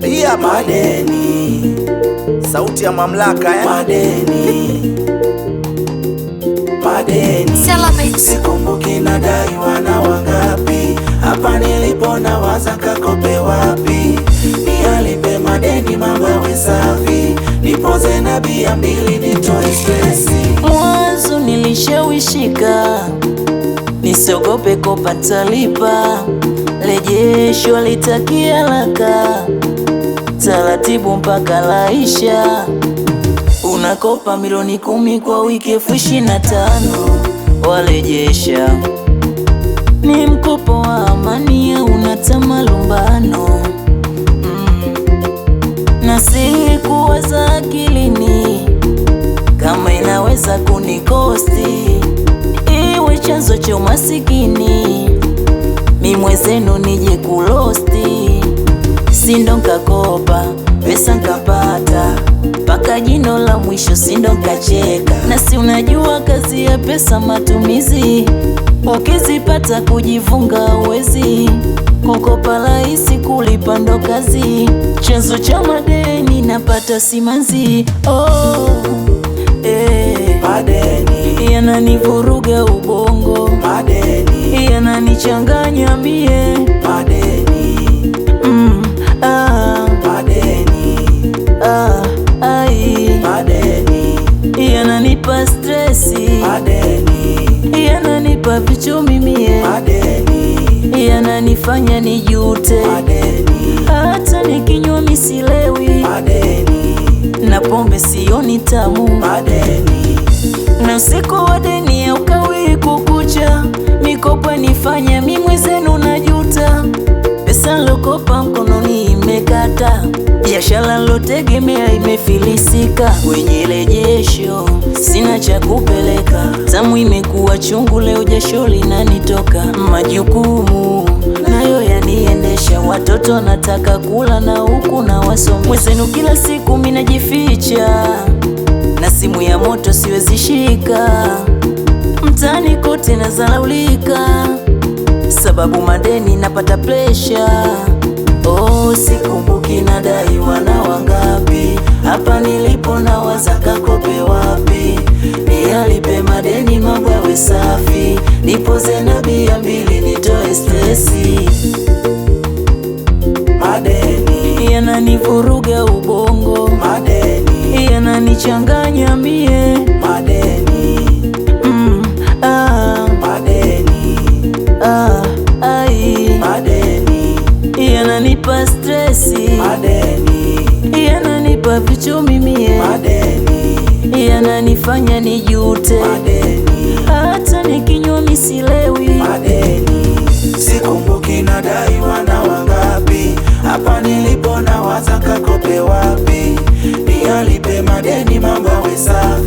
Pia madeni, sauti ya mamlaka ya eh? madeni, madeni. Sikumbuki nadai wana wangapi, hapa nilipo na waza kakope wapi, nialipe madeni mama we safi, nipoze na bia mbili nitoe stresi, mwanzo nilishawishika nisiogope kopa talipa, lejesho litakia haraka, taratibu mpaka laisha. Unakopa milioni kumi kwa wiki elfu ishirini na tano walejesha. Ni mkopo wa amani au unatama lumbano? mm. na si kuwaza akilini chanzo cha umasikini, mimwezenu nije kulosti, sindo nkakopa pesa nkapata mpaka jino la mwisho, sindo nkacheka. Na si unajua kazi ya pesa matumizi, ukizipata kujivunga uwezi kukopa rahisi, kulipa ndo kazi. Chanzo cha madeni napata simanzi, oh, eh, madeni yananivuruga ubo yananichanganya mie padeni, mm, ah, padeni, ah, ai, padeni, yananipa stresi padeni, yananipa vichumi mie padeni, yananifanya nijute padeni, hata nikinywa misilewi padeni, na pombe sioni tamu padeni, na usiku wa deni ukawia kujuta, mikopo nifanya mi na najuta, pesa lokopa mkononi imekata, biashara lotegemea imefilisika, kwenye rejesho oh, sina cha kupeleka, tamu imekuwa chungu, leo jasho linanitoka, majukumu nayo yaniendesha, watoto nataka kula na huku na wasome, mwenzenu kila siku minajificha na simu ya moto siwezi shika mtaani kote nazalaulika, sababu madeni napata presha. Oh, sikumbuki nadaiwa na wangapi, hapa nilipo na wazaka kope wapi, nialipe madeni mambo safi, nipoze na bia mbili nitoe stresi. Madeni yananivuruga ubongo, madeni maficho mimi eh. madeni yananifanya nijute madeni, hata nikinywa misilewi madeni, sikumbuki daima na wangapi hapa nilipo na wazaka kope wapi, nialipe madeni mamba wesa